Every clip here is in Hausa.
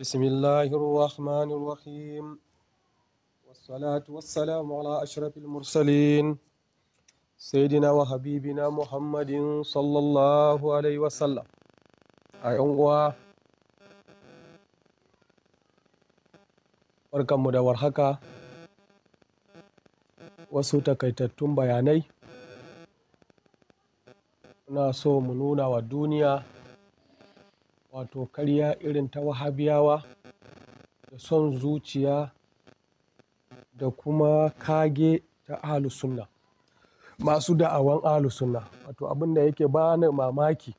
بسم الله الرحمن الرحيم والصلاة والسلام على أشرف المرسلين سيدنا وحبيبنا محمد صلى الله عليه وسلم أيوة barkanmu da warhaka wasu takaitattun bayanai na so mu nuna wato karya irin ta wahabiyawa da son zuciya da kuma kage ta ahlus sunna masu da'awan ahlus sunna wato abin da yake bani mamaki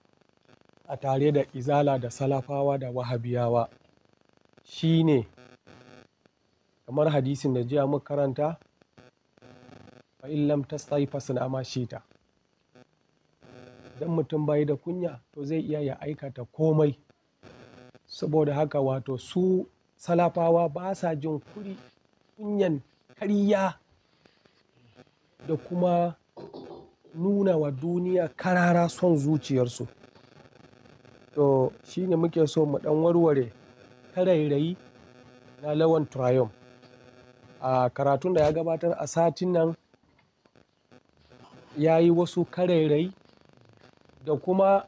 a tare da izala da salafawa da wahabiyawa shine kamar hadisin da jiya muka karanta fa illam tastai fasna ma shita mutum bai da kunya to zai iya ya aikata komai saboda haka wato su salafawa ba sa jin kuri kunyan karya da kuma nuna wa duniya karara son zuciyarsu to shi ne muke so mu dan warware karairayi na lawan triumph a karatun da ya gabatar a satin nan ya yi wasu karairayi da kuma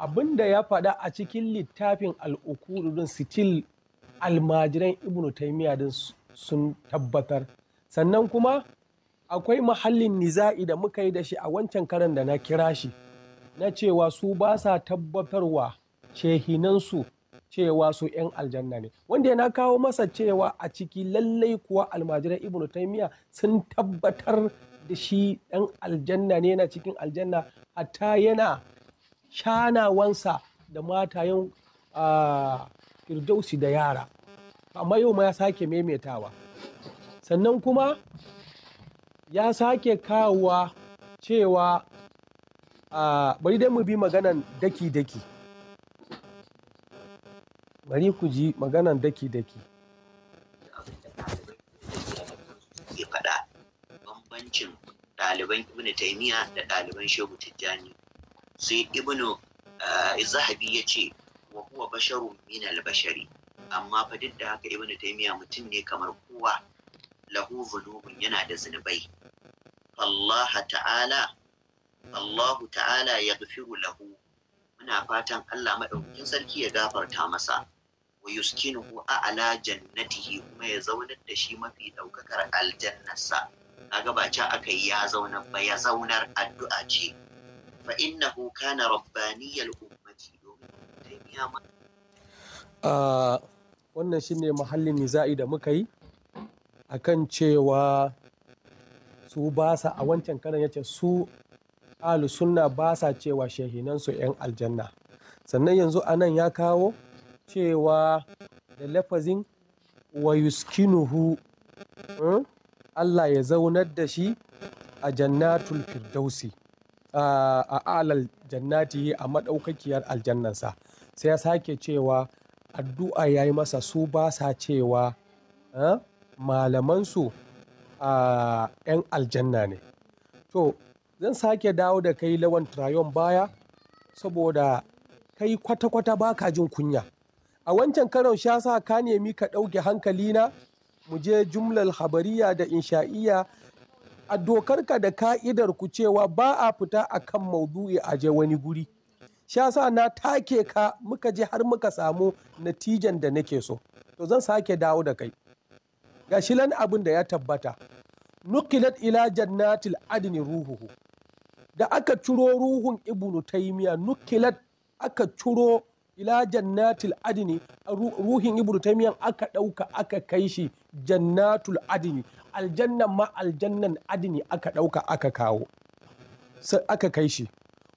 abin da ya faɗa a cikin littafin al'ukuru din sitil almajiran Ibn taimiyya din sun tabbatar sannan kuma akwai mahallin niza'i da muka yi da shi a wancan karan da na kira shi na cewa su ba sa tabbatarwa shehinansu cewa su 'yan aljanna ne wanda yana kawo masa cewa a ciki lallai kuwa almajiran Ibn taimiyya sun tabbatar da shi 'yan aljanna ne yana cikin aljanna hatta yana shanawansa da matayen firdausi da yara amma yau ma ya sake maimaitawa sannan kuma ya sake kawowa cewa bari dai mu bi maganan daki-daki bari ku ji maganan daki-daki bambancin ɗaliban ibn taimiyya da ɗaliban shehu tijjani sai ibnu eh, zahabi ya ce wa huwa basharu min al bashari amma fa duk da haka ibnu taymiya mutum ne kamar kowa lahu dhunubun yana da zunubai Allah ta'ala Allah ta'ala ya lahu muna fatan Allah maɗaukakin sarki ya gafarta masa wa yuskinuhu a'la jannatihi kuma ya zaunar da shi mafi ɗaukakar aljannarsa kaga ba ca aka yi ya zaunar ba ya zaunar addu'a ce Wannan shi ne muhallin shine muhallin niza'i da muka yi a kan cewa su ba sa a wancan karan yace su alu sunna ba sa cewa su 'yan aljanna sannan yanzu anan ya kawo cewa da lafazin wa yuskinuhu hmm, Allah ya zaunar da shi a jannatul firdausi a alal jannati a maɗaukakiyar aljannansa sai ya sake cewa addu'a ya yi masa su ba sa cewa malamansu a 'yan aljanna ne to zan sake dawo da kai lawan trayon baya saboda kai kwata-kwata ba ka jin kunya a wancan karon sha sa ka nemi ka ɗauke hankalina mu je jumlal habariya da insha'iyya a dokarka da ka'idar ku cewa ba a fita a kan maudu'i a je wani guri sha sa na take ka muka je har muka samu natijan da nake so to zan sake dawo da kai ga shilan abin da ya tabbata nukilat ila jannatil adni ruhuhu da aka ciro ruhun ibnu taimiya nukilat aka ciro ila jannatil adini ruhin ibnu aka ɗauka aka kai shi jannatul adini aljannan ma aljannan adini aka ɗauka aka kawo aka kai shi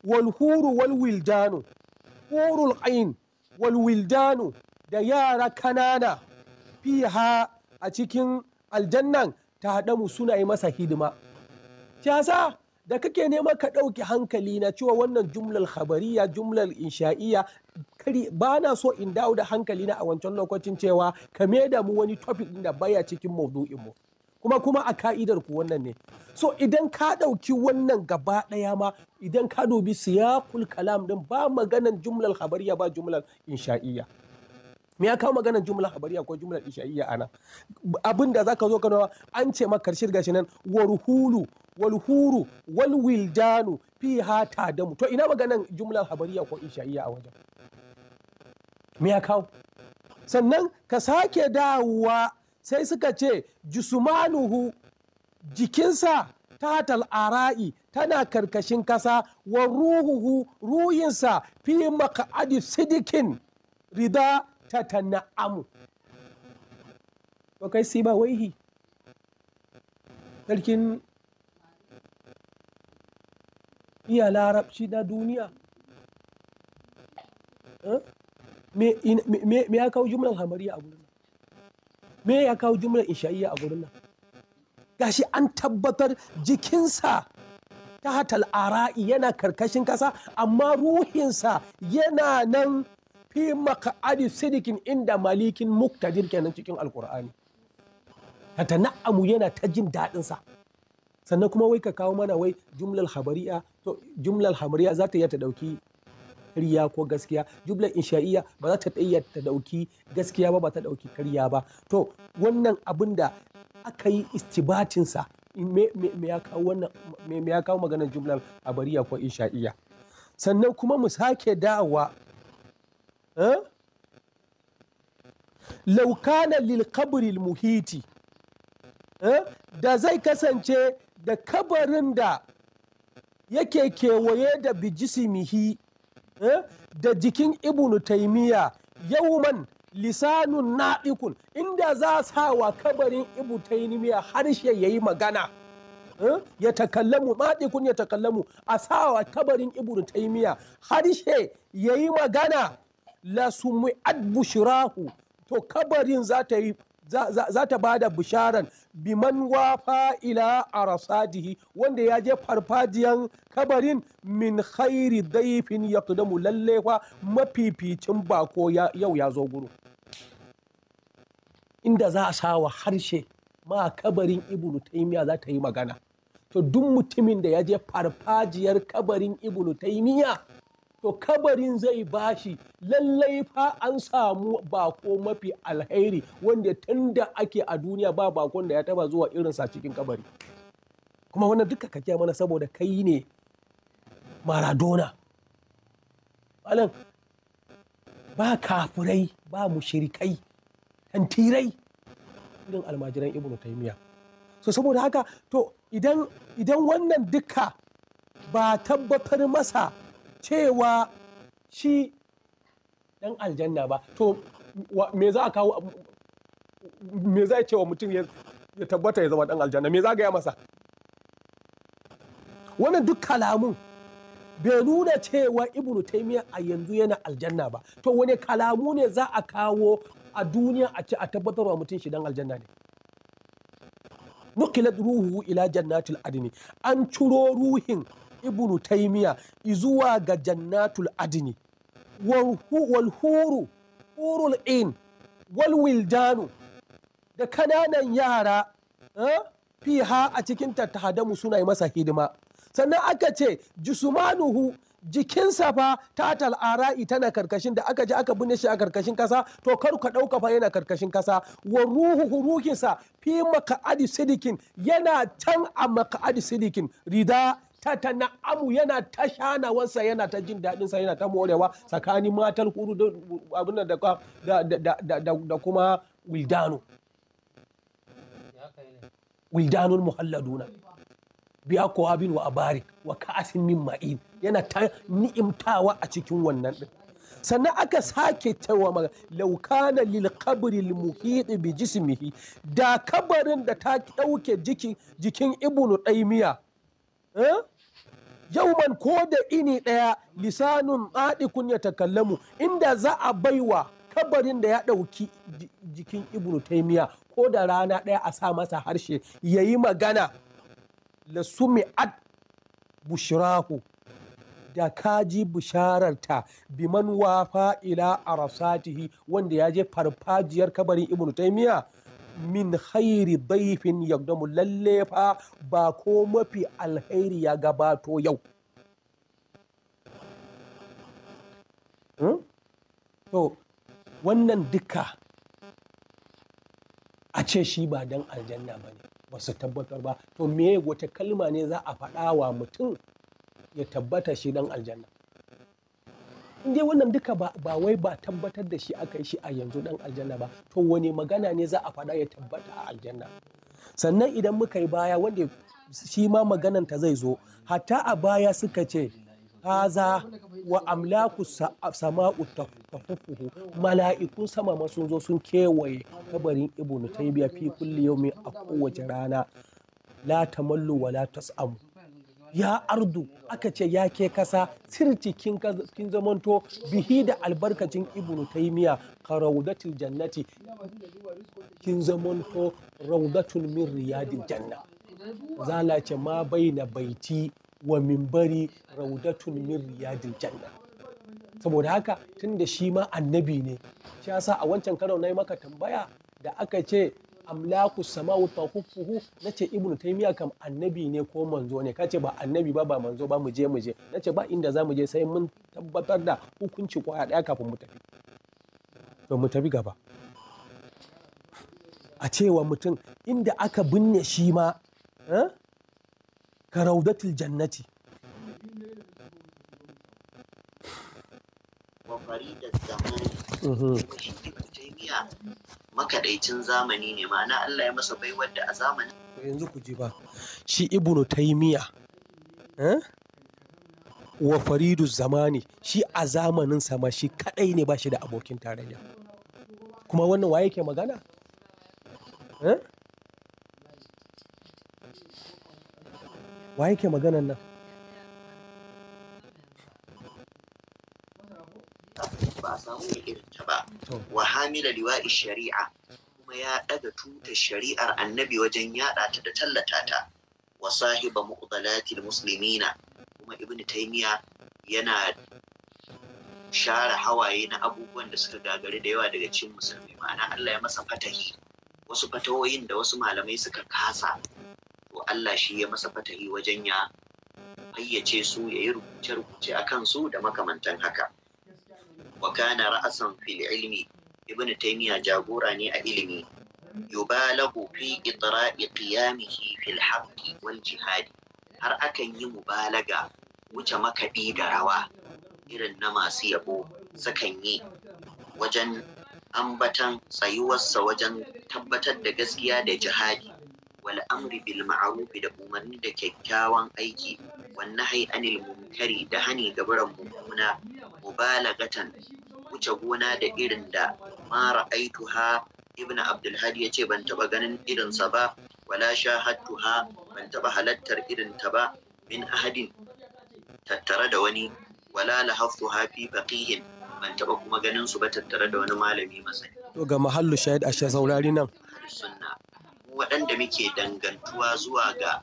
wal huru wal wildanu hurul ain wal wildanu da yara kanana fiha a cikin aljannan ta haɗa mu suna yi masa hidima yasa da kake nema ka ɗauki hankali na cewa wannan jumlar habariya jumlar insha'iya ba na so in dawo da hankali na a wancan lokacin cewa ka da mu wani topic da baya cikin maudu'in mu kuma kuma a ka'idar ku wannan ne so idan ka ɗauki wannan gaba ɗaya ma idan ka dubi siyakul kalam din ba maganan jumlar habariya ba jumlar insha'iyya me ya kawo maganan jumla habariya ko jumla insha'iyya ana abin da zaka zo kano an ce maka karshe gashi nan warhulu walhuru walwildanu fi hata da mu to ina maganan jumla habariya ko insha'iyya a wajen me ya kawo sannan ka sake dawowa sai suka ce jisumanuhu jikinsa ta tal'ara'i tana karkashin kasa wa ruhuhu ruyinsa fi maka'adi sidikin rida ta amu tana'amu kai sai ba waihi sarkin iya larabci na duniya me ya kawo jumlar hamari a gurin me ya kawo jumlar isha'iyya a gurin nan gashi an tabbatar jikinsa ta hatal ara'i yana karkashin kasa amma ruhinsa yana nan fi maka'adi sidikin inda malikin muktadir kenan cikin alkur'ani ta na'amu yana ta jin daɗinsa sannan kuma wai ka kawo mana wai jumlar habariya to jumlar habariya za ta iya ta ɗauki ƙarya ko gaskiya jumlar insha'iyya ba za ta iya ta dauki gaskiya ba ba ta dauki karya ba to wannan abin da aka yi istibatinsa me ya kawo wannan me ya kawo maganar jumlar abariya ko insha'iyya sannan kuma mu sake dawa eh? laukana lil kabril muhiti eh? da zai kasance da kabarin da yake kewaye da bijisimihi Eh, da jikin ibnu taimiya man lisanun naɗikun inda za a sa wa kabarin ibnu taimiya harshe ya yi magana eh, ya takallamu ya takallamu a sa wa kabarin ibnu taimiya harshe ya yi magana la sumu'ad bushrahu to kabarin za ta za ta bada bisharan biman wafa ila arasadihi wanda ya je farfajiyan kabarin min khairi daifin ya mu lalle mafificin bako yau ya zo guru inda za a wa harshe ma kabarin ibnu taimiya za ta yi magana to duk mutumin da ya je farfajiyar kabarin ibnu taimiya to kabarin zai bashi lallai fa an samu bako mafi alheri wanda tun da ake a duniya ba bakon da ya taba zuwa irinsa cikin kabari kuma wannan duka ka kiya mana saboda kai ne maradona Alan ba kafirai ba mushirikai kantirai. irin almajiran ibnu taimiya so saboda haka to idan wannan duka ba tabbatar masa cewa shi dan aljanna ba to me za a kawo me za a cewa mutum ya tabbata ya zama dan aljanna me za a gaya masa wannan duk kalamun bai nuna cewa ibnu taimiya a yanzu yana aljanna ba to wani kalamu ne za a kawo a duniya a ce a wa mutum shi dan aljanna ne nukilat ruhu ila jannatil adini an ciro ruhin ibnu taimiya izuwa ga jannatul adini wal in wal da kananan yara eh, fiha a cikin tattahadamu suna yi masa hidima sannan aka ce jisumanuhu jikinsa fa ta tal'ara'i tana karkashin da aka ji aka binne shi a karkashin kasa to kar ka ɗauka fa yana karkashin kasa wa ruhu ruhinsa fi maka'adi sidikin yana can a maka'adi sidikin rida ta ta na'amu yana ta shanawarsa yana ta jin daɗin sa yana ta morewa tsakanin matar huru da kuma wildano wildanun muhalladuna biya kowa bin wa abari wa ka'asin min ma'in yana ta ni'imtawa a cikin wannan din sannan aka sake cewa mara laukana lil qabri al muhit bi jismihi da kabarin da ta dauke jikin jikin ibnu daimiya eh yauman ko da ini ɗaya lisanun ɗaɗikun ya takallamu inda za a baiwa kabarin da ya ɗauki jikin ibnu taimiya ko da rana ɗaya a sa masa harshe ya yi magana la ad bushrahu da kaji bishararta biman wafa ila arasatihi wanda ya je farfajiyar kabarin ibnu taimiya min khairi daifin yagdamu lalle fa ba ko mafi alkhairi ya gabato yau hmm? to wannan duka a ce shi ba dan aljanna ba ne ba su tabbatar ba to me wata kalma ne za a faɗa wa mutum ya tabbata shi dan aljanna in dai wannan duka ba wai ba tabbatar da shi aka yi shi a yanzu dan aljanna ba to wani magana ne za a faɗa ya tabbata a aljanna sannan idan muka yi baya wanda shi ma maganan ta zai zo hatta a baya suka ce haza wa amlaku sama'u tafuhu mala'ikun sama ma sun zo sun kewaye kabarin ibnu taybiya fi kulli yawmin a kowace rana la tamallu wa la tas'amu ya ardu aka ce ya ke kasa cikin kin zamanto bihi da albarkacin ibnu taymiya ka jannati kin zamanto raudatun min riyadil janna zala ce ma baina baiti wa mimbari raudatul min riyadil janna saboda haka tunda shi ma annabi ne shi yasa a wancan karo na yi maka tambaya da aka ce amlaku sama'u takuffuhu nace ibnu taymiya kam annabi ne ko manzo ne kace ba annabi ba ba manzo ba mu je mu je nace ba inda za mu je sai mun tabbatar da hukunci kwaya daya kafin mu tafi to mu tafi gaba a cewa mutum inda aka binne shi ma eh, ka raudatul jannati wa faridar shi makaɗaicin zamani ne ma'ana Allah ya masa bai wadda a zamanin yanzu ku ji ba shi ibnu taymiya eh? wa faridu zamani shi a zamanin ma shi kadai ne ba shi da abokin tarayya kuma wannan waye ke magana eh? waye ke maganan nan Wahamila hamila liwa'i shari'a kuma ya ɗaga tutar shari'ar annabi wajen yaɗa ta da tallata ta wa sahiba musulmi na kuma ibn taimiya yana share hawaye na abubuwan da suka gagari da yawa daga cikin musulmi ma'ana Allah ya masa fatahi wasu fatawoyin da wasu malamai suka kasa to Allah shi ya masa fatahi wajen ya fayyace su ya yi rubuce-rubuce a kansu da makamantan haka wa ra'asan fil ilmi ibn taymiya jagora ne a ilimi yubalahu fi itra'i qiyamihi fil haqqi wal jihadi har akan yi mubalaga wuce makaɗi da rawa irin na masu yabo sukan wajen ambatan tsayuwarsa wajen tabbatar da gaskiya da jihadi wal amri bil ma'ruf da umarni da kyakkyawan aiki wan nahyi anil munkari da hani gabaran mummuna mubalagatan wuce gona da irin da mara aituha ibn abdulhadi ya ce ban taba ganin irinsa ba wala shahadtuha ban taba halattar irinta ba min ahadin tattare da wani wala lahaftuha fi faqihin ban taba kuma ganin su ba tattare da wani malami masani to ga mahallu shahid ashe saurari nan waɗanda muke dangantuwa zuwa ga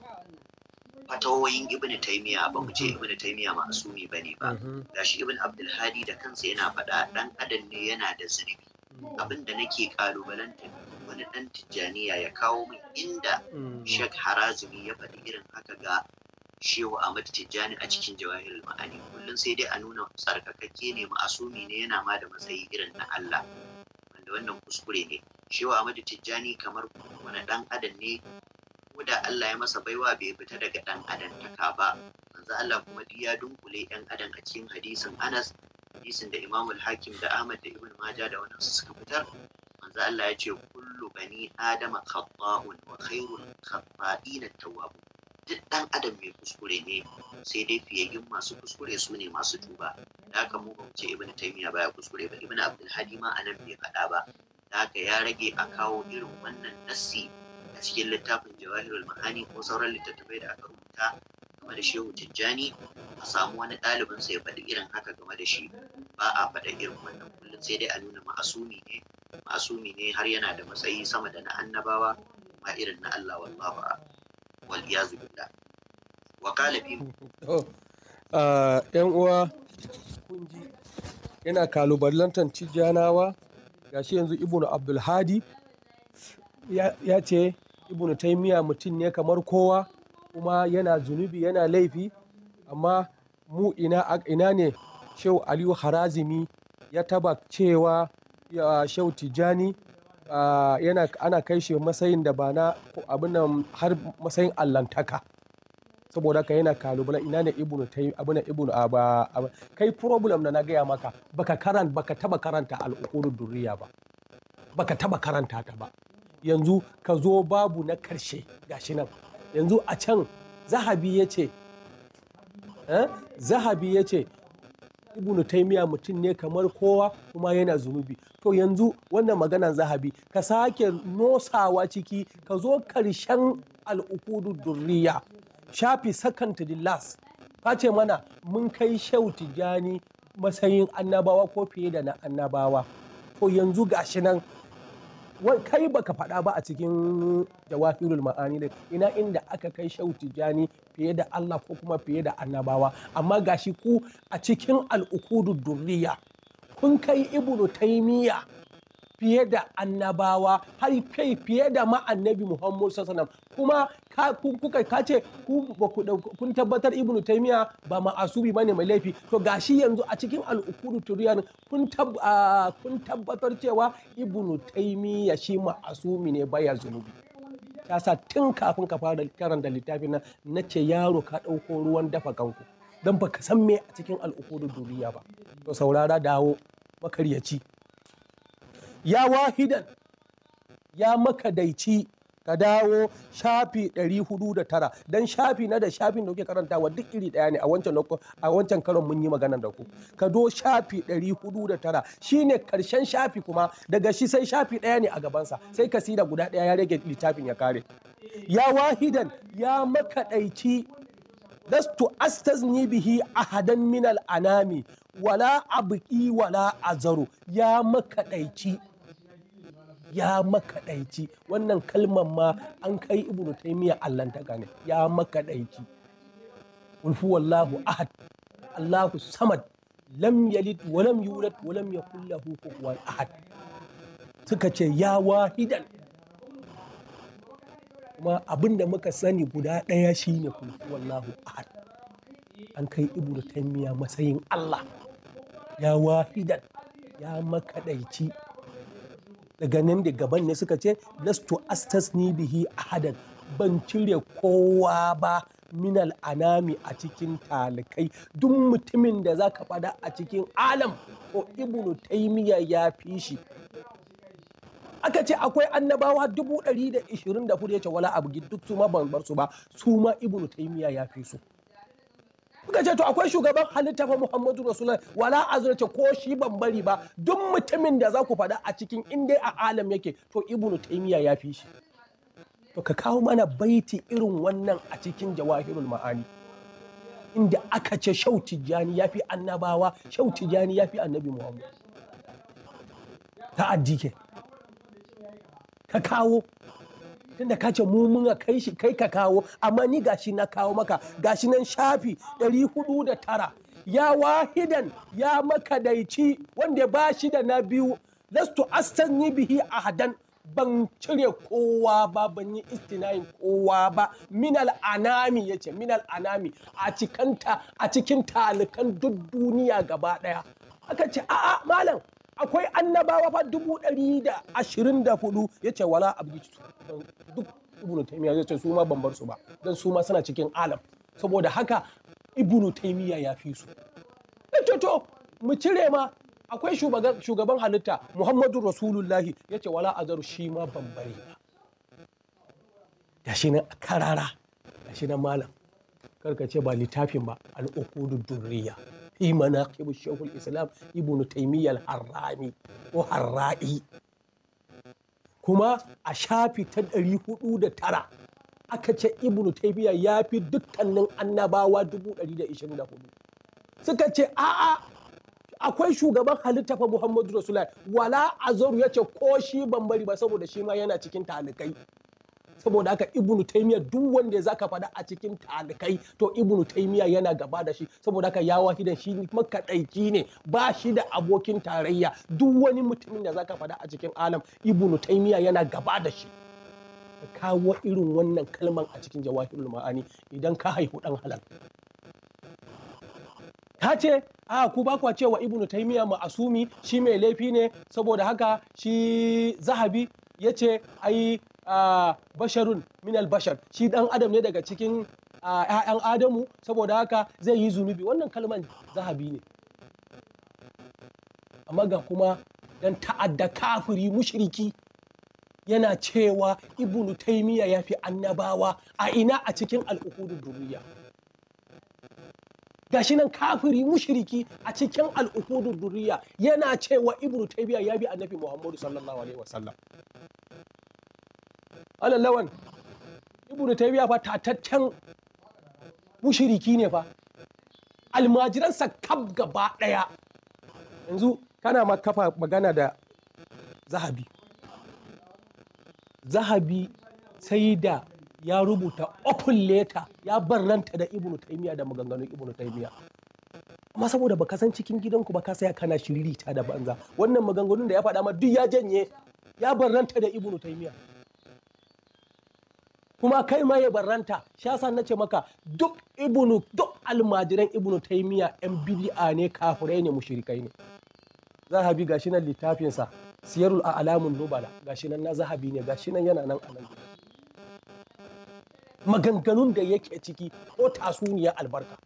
fatawoyin ibn taymiya ba mu ce mm-hmm. ibn taymiya ma'asumi ne ba mm-hmm. gashi ibn Abdulhadi da kansa yana faɗa dan adam ne yana da zunubi mm-hmm. abin da nake kalubalanta wani dan tijjaniya ya kawo min inda shek harazumi ya faɗi irin haka ga shehu Ahmad Tijjani a cikin jawahir ma'ani kullum sai dai a nuna sarkakakke ne ma'asumi ne yana ma da matsayi irin na Allah wanda wannan kuskure ne shehu Ahmad Tijjani kamar wani dan adam ne ko da Allah ya masa baiwa bai fita daga ɗan ka ba manzo Allah kuma duk ya dunkule ɗan adam a cikin hadisin Anas hadisin da Imam al-Hakim da Ahmad da Ibn Majah da wannan suka fitar manzo Allah ya ce kullu bani adama khata'un wa khairul khata'ina tawwab duk ɗan adam mai kuskure ne sai dai fiyayyin masu kuskure su ne masu tuba da haka mu ba ce Ibn Taymiyyah baya kuskure ba Ibn Abdul Hadima anan bai faɗa ba da haka ya rage a kawo irin wannan nasi. a cikin littafin jawahirul ma'ani ko sauran littattafai da aka rubuta game da shehu tijjani a samu wani ɗalibinsa ya faɗi irin haka game da shi ba a faɗa irin wannan kullum sai dai a nuna ma'asumi ne ma'asumi ne har yana da matsayi sama da na annabawa ma irin na Allah wallahu a wal iyazu billah wa qala fi yan uwa yana kalubalantar tijjanawa gashi yanzu ibnu abdul hadi ya ce ibnu taimiya mutum ne kamar kowa kuma yana zunubi yana laifi amma mu ina, ina ne shau aliyu harazimi ya taba cewa shau tijani yana ana kai shi matsayin da ba na abin nan har matsayin allantaka saboda ka yana kalubalen ina ne ibnu taimiya abin ibnu aba kai problem da na gaya maka baka karan baka taba karanta al'ukurud duriya ba baka taba karanta ta ba yanzu ka zo babu na karshe gashi nan yanzu a can zahabi ya ce eh, zahabi ya ce ibnu taimiya mutum ne kamar kowa kuma yana zunubi to yanzu wannan maganar zahabi ka sake nosawa ciki ka zo karshen al'ukudu durriya shafi sakanta dillas ka ce mana mun kai shau tijjani matsayin annabawa ko fiye da na annabawa to yanzu gashi nan kai baka faɗa ba a cikin jawahirul ma'ani da ina inda aka kai shau tijani fiye da Allah ko kuma fiye da annabawa amma gashi ku a cikin al'ukudu durriya kun kai ibnu taymiya fiye da annabawa har kai fiye da ma annabi Muhammad sallallahu kuma kuka kace kun tabbatar Ibn Taymiya ba ma'asubi bane mai laifi to gashi yanzu a cikin al'ukudu turiyan kun tabbatar cewa Ibn Taymiya shi ma'asumi ne baya zunubi ta tun kafin ka fara karanta littafin nan na ce yaro ka ɗauko ruwan dafa kanku don baka san me a cikin al'ukudu duniya ba to saurara dawo makaryaci ya wahidan ya makadaici ka dawo shafi 409 don shafi na da shafin da kuke karantawa duk iri daya ne a wancan karon mun yi magana da ku ka do shafi 409 shine karshen shafi kuma daga shi sai shafi daya ne a gabansa sai kasida guda daya ya rage littafin ya kare ya wahidan ya makadaici lastu astazni bihi ahadan minal anami wala abqi wala azaru ya makadaici ya makaɗaici wannan kalmar ma an kai ibnu taymiya allantaka ne ya makaɗaici ulfu wallahu ahad allahu samad lam yalid wa lam yulad wa lam yakul lahu kufuwan ahad suka ce ya wahidan kuma abinda muka sani guda ɗaya shine ulfu wallahu ahad an kai ibnu taymiya matsayin allah ya wahidan ya makaɗaici daga nan da gaban ne suka ce lastu astasni bihi ahadan ban cire kowa ba minal anami a cikin talikai duk mutumin da za ka fada a cikin alam ko ibnu taimiya ya fi shi aka ce akwai annabawa dubu ɗari da ishirin da ya ce wala abu duk su ma ban bar su ba su ma ibnu taimiya ya fi su muka ce to akwai shugaban halitta fa Muhammadu Rasulullah wala azurta ko shi ban bari ba duk mutumin da za ku faɗa a cikin inda a alam yake to Ibnu Taymiya ya fi shi to ka kawo mana baiti irin wannan a cikin Jawahirul Ma'ani inda aka ce Shau Tijjani ya fi annabawa Shau jani ya fi annabi Muhammad ta addike ka kawo tunda ka ce mu mun kai shi kai ka kawo amma ni gashi na kawo maka gashi nan shafi 409 ya wahidan ya makadaici wanda ba shi da na biyu lastu yi bihi ahadan ban cire kowa ba ban yi istinayin kowa ba minal anami ya ce minal anami a cikin talikan duk duniya gaba daya aka ce a'a malam akwai annabawa fa dubu ɗari da ashirin da hudu ya ce wala abgitu duk ibnu taimiyya ya ce su ma ban su ba dan su ma suna cikin alam saboda haka ibnu taimiyya ya fi su ce to mu cire ma akwai shugaban halitta muhammadu rasulullahi ya ce wala azaru shi ma ban ba da shi nan karara da shi nan malam karka ce ba littafin ba al'ukudu durriya fi manaqib shaykhul islam ibnu taymiyyah al ko harra'i kuma a shafi ta 409 aka ce ibnu taymiyyah ya fi dukkanin annabawa 124 suka ce a'a akwai shugaban halitta fa Muhammadu Rasulullah wala azaru yace ko shi ban bari ba saboda shi ma yana cikin talikai saboda haka ibnu taimiya duk wanda zaka faɗa a cikin talikai to ibnu taimiya yana gaba da shi saboda haka ya wahidan shi makaɗaici ne ba shi da abokin tarayya duk wani mutumin da zaka faɗa a cikin alam ibnu taimiya yana gaba da shi ka kawo irin wannan kalman a cikin jawahirul ma'ani idan ka haihu dan halal ta ce a ku ba kwa cewa ibnu ma ma'asumi shi mai laifi ne saboda haka shi zahabi ya ce ai basharun minal bashar shi dan adam ne daga cikin ‘ya'yan adamu saboda haka zai yi zunubi wannan kalman zahabi ne amma ga kuma dan ta'adda kafiri mushriki yana cewa ibnu taimiyya ya fi annabawa a ina a cikin al'ukudun duniya gashi nan kafiri mushriki a cikin al'ukudun duniya yana cewa ibnu taimiyya ya bi annabi muhammadu sallallahu alaihi wasallam alallawan ibnu taymiya fa tataccen mushiriki ne fa almajiransa kaf gaba daya yanzu kana ma kafa magana da zahabi zahabi sai da ya rubuta open letter ya barranta da ibnu taymiya da maganganun ibnu taymiya amma saboda baka san cikin gidanku ba ka saya kana ta da banza wannan maganganun da ya faɗa ma duk ya janye ya barranta da ibnu taymiya kuma kai ma ya barranta sha yasa na ce maka duk ibnu duk almajiran ibnu taimiya yan bid'a ne kafirai ne mushrikai ne zahabi gashi nan littafinsa siyarul a'lamun nubala gashi nan na zahabi ne gashi nan yana nan a maganganun da yake ciki ko tasuniya albarka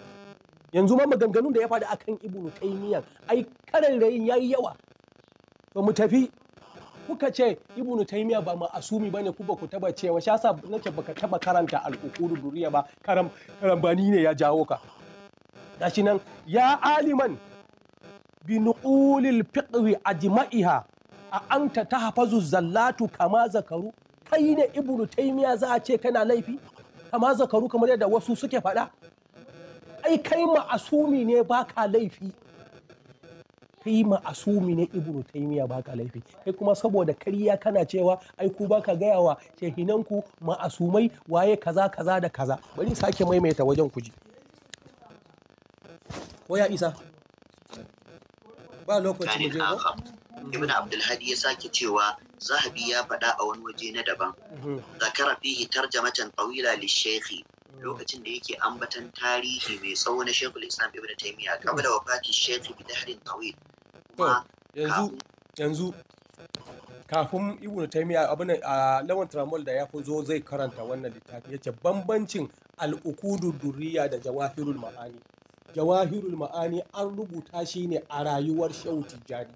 yanzu ma maganganun da ya faɗi akan ibnu taimiyan, ai karan rayin yayi yawa to mu tafi kuka ce ibnu taimiya ba ma'asumi bane ku ba ku taba cewa shi yasa nake baka taba karanta al-uqulu duriya ba karam karambani ne ya jawo ka gashi nan ya aliman bi nuqulil fiqhi ajma'iha a anta tahfazu zallatu kama zakaru kai ne ibnu taimiya za a ce kana laifi kama zakaru kamar yadda wasu suke faɗa ai kai ma'asumi ne baka laifi kai ma'asumi ne ibnu taymiya baka laifi kai kuma saboda karya kana cewa ai ku baka gaya wa shehinan ku ma'asumai waye kaza kaza da kaza bari sake maimaita wajen kuji waya isa ba lokaci mu je ba ibn abdulhadi ya sake cewa zahabi ya faɗa a wani waje na daban mhm. zakara fihi tarjamatan tawila lishekhi lokacin da yake ambatan tarihi mai tsawo na shekul islam ibn taymiya da wafati shekhi bi dahrin tawil To, yanzu yanzu kafin ibnu taymiya abin a lawan tramol da ya zo zai karanta wannan littafi yace bambancin al'ukudu durriya da jawahirul ma'ani jawahirul ma'ani an rubuta shi ne a rayuwar shehu tijjani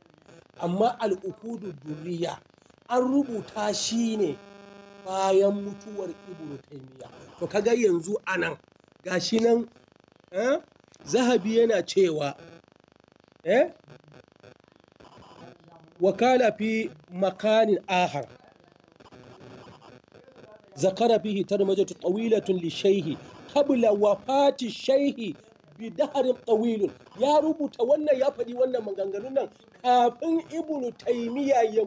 amma al'ukudu durriya an rubuta shi ne bayan mutuwar ibnu taimiya. to kaga yanzu anan gashi nan eh, zahabi yana cewa eh وكان في مكان آخر ذكر فيه ترمجة طويلة للشيخ قبل وفاة الشيخ bidaharin ɗawilun ya rubuta wannan ya faɗi wannan maganganun nan kafin ibnu taimiya ya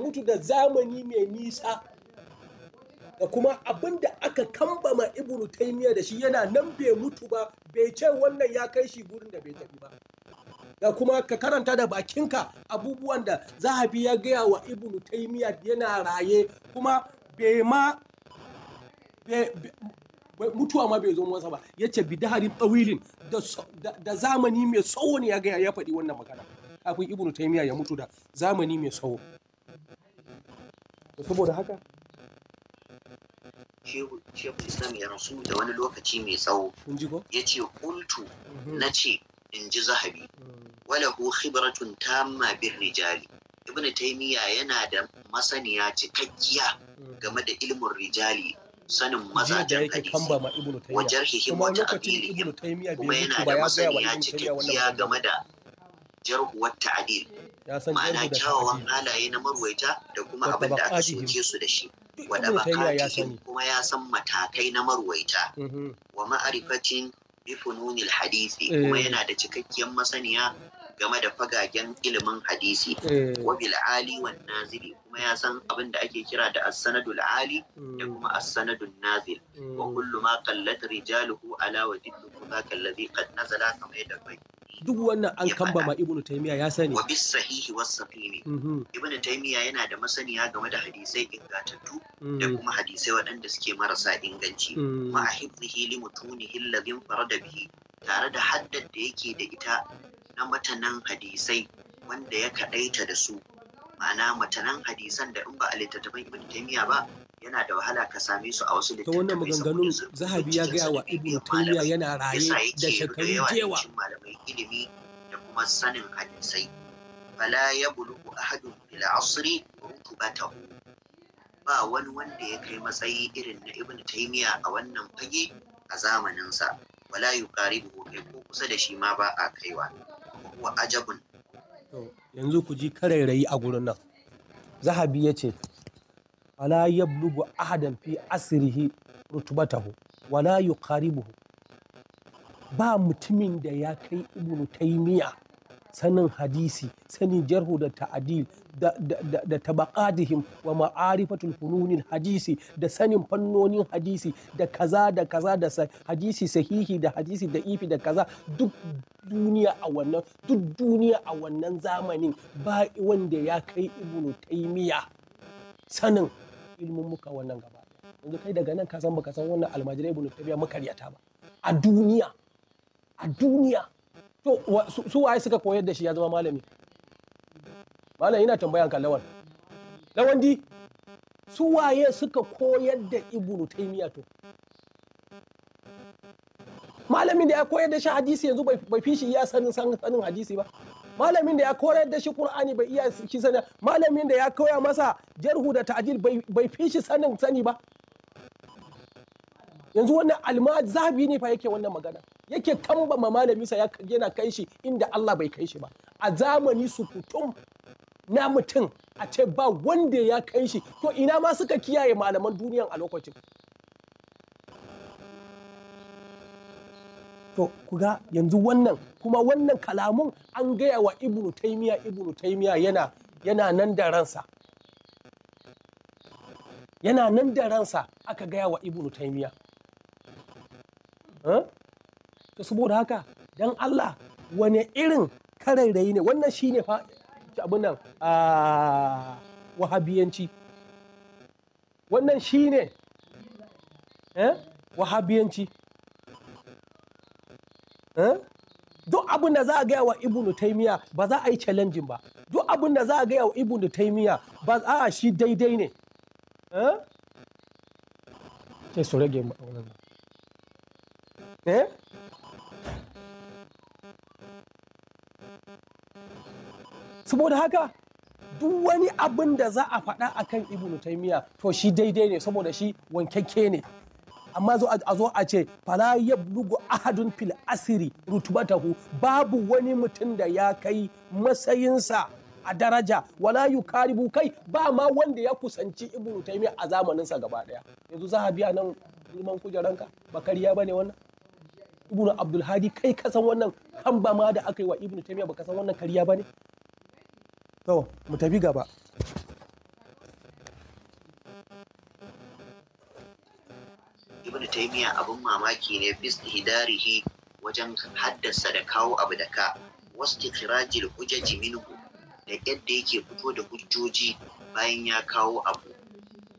mutu da zamani mai nisa da kuma abinda aka kambama ibnu taimiya da shi yana nan bai mutu ba bai ce wannan ya kai shi gurin da bai tafi ba da kuma ka karanta da bakinka abubuwan da zahabi ya gaya wa ibnu taimiyya yana raye kuma bai ma mutuwa ma bai zo masa ba ya ce bidaharin tsawilin da zamani mai tsawo ne ya gaya ya faɗi wannan magana kafin ibnu taimiyya ya mutu da zamani mai tsawo saboda haka shehu islam ya rasu da wani lokaci mai tsawo ya ce kultu mhm. na ce in ji zahabi hmm. wala hu khibratun tamma bin rijali ibnu taymiya yana da masaniya cikakkiya hmm. game da ilmin rijali sanin mazajen hadisi wajen hihim wata abilihim kuma yana da masaniya cikakkiya game da jarhuwar ta'adil ma'ana kyawawan halaye na marwaita da kuma abin da aka soke su da shi wadda bakatihim kuma ya san matakai na marwaita mhm. wa ma'arifatin bifununi hadisi eh. kuma yana da cikakkiyar masaniya game da fagagen ilimin hadisi eh. wa bil ali wan nazili kuma ya san abin da ake kira da as ali da mm. kuma as-sanadul nazil wa mm. kullu ma qallat rijaluhu ala wajhihi dhaka alladhi qad nazala kama yadda bai duk wannan an kambama ibnu taymiya ya sani wa bis sahihi was saqimi mm-hmm. ibnu taymiya yana da masaniya game da hadisai ingantattu mm. da kuma hadisai waɗanda suke marasa inganci ma hibbihi li mutunihi alladhi farada bihi tare da haddar da yake da ita na matanan hadisai wanda ya kaɗaita da su ma'ana matanan hadisan da in ba a littattafan ibn taymiya ba yana da wahala ka same su a wasu littattafai wannan maganganun zahabi ya gaya wa ibn taymiya yana raye da shekaru jewa malamai ilimi da kuma sanin hadisai fala yablu ahadun ila asri rutubatahu ba wani wanda ya kai matsayi irin na ibn taymiya a wannan fage a zamanin sa. wala yuqaribu kai ko kusa da shi ma ba a kaiwa wa ajabun yanzu ku ji karairayi a gurin nan zahabi ya ce wala yablugu ahadan fi asirihi rutubatahu wala yuqaribuhu ba mutumin da ya kai ibnu miya. sanin hadisi sanin jarhu da ta'adil da tabaqadihim wa ma'arifatul fununil hadisi da sanin fannonin hadisi da kaza da kaza da hadisi sahihi da hadisi da ifi da kaza duk duniya a wannan duk duniya a wannan zamanin ba wanda ya kai ibnu taymiya sanin ilmin muka wannan gaba yanzu kai daga nan ka san baka san wannan almajirai ibnu taymiya makaryata ba a duniya a duniya to su waye suka koyar da shi ya zama malami malam ina tambayan ka lawan lawan di su waye suka koyar da ibnu taymiya to malamin da ya koyar da shi hadisi yanzu bai fi shi iya sanin sanin hadisi ba malamin da ya koyar da shi qur'ani bai iya shi sanin malamin da ya koya masa jarhu da ta'dil bai fi shi sanin sani ba yanzu wannan alma ne fa yake wannan magana yake kambama malaminsa yana kai shi inda Allah bai kai shi ba a zamani su na mutum a ce ba wanda ya kai shi to ina ma suka kiyaye malaman duniyan a lokacin to kuga yanzu wannan kuma wannan kalamun an gaya wa ibnu taimiya ibnu taimiya yana yana nan da ransa yana nan da ransa aka gaya wa ibnu taimiya to saboda haka dan Allah wane irin karairayi ne wannan shine fa abin nan a wahabiyanci wannan shine eh wahabiyanci eh duk abin da za a gaya wa ibnu taimiya ba za a yi challenging ba duk abin da za a gaya wa ibnu taimiya ba za a shi daidai ne eh? sai su rage eh saboda haka duk wani abin da za a faɗa akan ibnu taimiyya to shi daidai ne saboda shi wankakke ne amma zo a zo a ce fala bugu ahadun fil asiri rutubatahu babu wani mutum da ya kai matsayinsa a daraja wala yu karibu kai ba ma wanda ya kusanci ibnu taimiyya a zamaninsa gaba daya yanzu za a biya nan liman kujeranka ba kariya bane wannan ibnu abdul kai kasan wannan kan ba ma da aka yi wa ibnu taimiyya ba kasan wannan kariya bane to mu tafi gaba ibn taymiya abin mamaki ne bis hidarihi wajen haddasa da kawo abu da ka wasu kirajil hujjaji minhu da yadda yake fito da hujjoji bayan ya kawo abu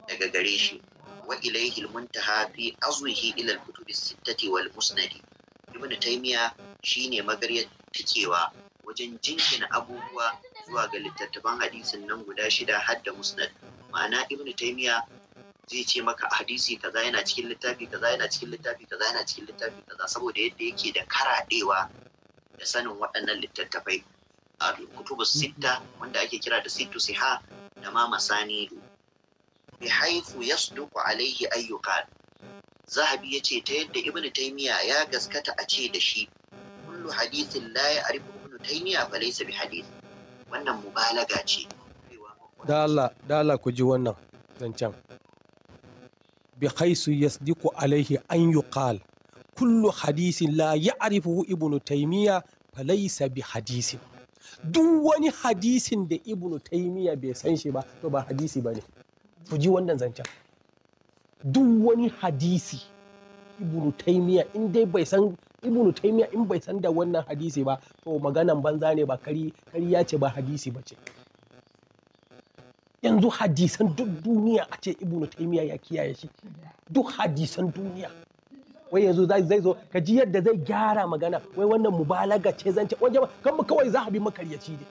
daga gare shi wa ilaihi almuntaha fi azwihi ila as sittati wal musnadi ibn taymiya shine magariyar tikewa wajen jinkina abubuwa zuwa ga littattafan hadisin nan guda shida har da musnad ma'ana ibnu taymiya zai ce maka hadisi kaza yana cikin littafi kaza yana cikin littafi kaza yana cikin littafi kaza saboda yadda yake da karaɗewa da sanin waɗannan littattafai a kutubus sitta wanda ake kira da sittu siha da ma masanidu bi haifu yasduqu alaihi ayyukan zahabi yace ta yadda ibnu taymiya ya gaskata a ce da shi kullu hadisin la ya'rifu ibnu taymiya fa laysa bi hadith wannan mubalaga ce da Allah da Allah ku ji wannan zancen bi haisu yasdiqu alaihi an yuqal kullu hadisin la ya'rifuhu ibnu taymiya falaysa bi hadisin duk wani hadisin da ibnu taymiya bai san shi ba to ba hadisi bane ku ji wannan zancen duk wani hadisi ibnu taymiya in dai bai san ibnu taimiya in bai san da wannan hadisi ba to maganan banza ne ba kari ya ce ba hadisi ba ce yanzu hadisan duk duniya a ce ibnu taimiya ya kiyaye shi duk hadisan duniya wai yanzu zai zo ka ji yadda zai gyara magana wai wannan mubalaga ce zance wajen kan kawai za a bi makaryaci ne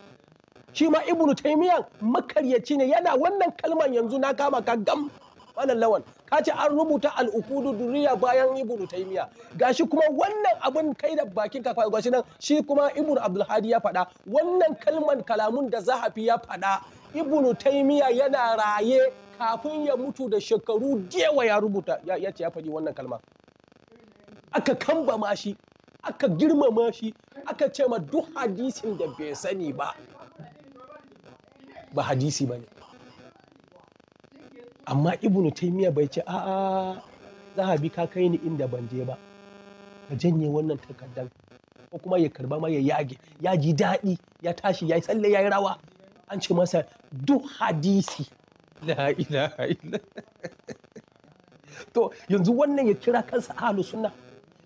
shi ma ibnu taimiya makaryaci ne yana wannan kalman yanzu na kama ka gam malam lawan ka ce an rubuta al'ukudu duniya bayan ibnu taymiya gashi kuma wannan abin kai da bakin ka faɗi gashi nan shi kuma ibnu abdulhadi ya faɗa wannan kalman kalamun da zahafi ya faɗa ibnu taymiya yana raye kafin ya mutu da shekaru jewa ya rubuta ya ce ya faɗi wannan kalma aka kambama shi aka girmama shi aka ce ma duk hadisin da bai sani ba ba hadisi ba ne amma ibnu taimiya bai ce a'a za a bi ka kai ni inda ban je ba ka janye wannan takardan. ko kuma ya karba ma ya yage ya ji daɗi ya tashi ya yi tsalle ya yi rawa an ce masa duk hadisi la ilaha illa to yanzu wannan ya kira kansa ahlu sunna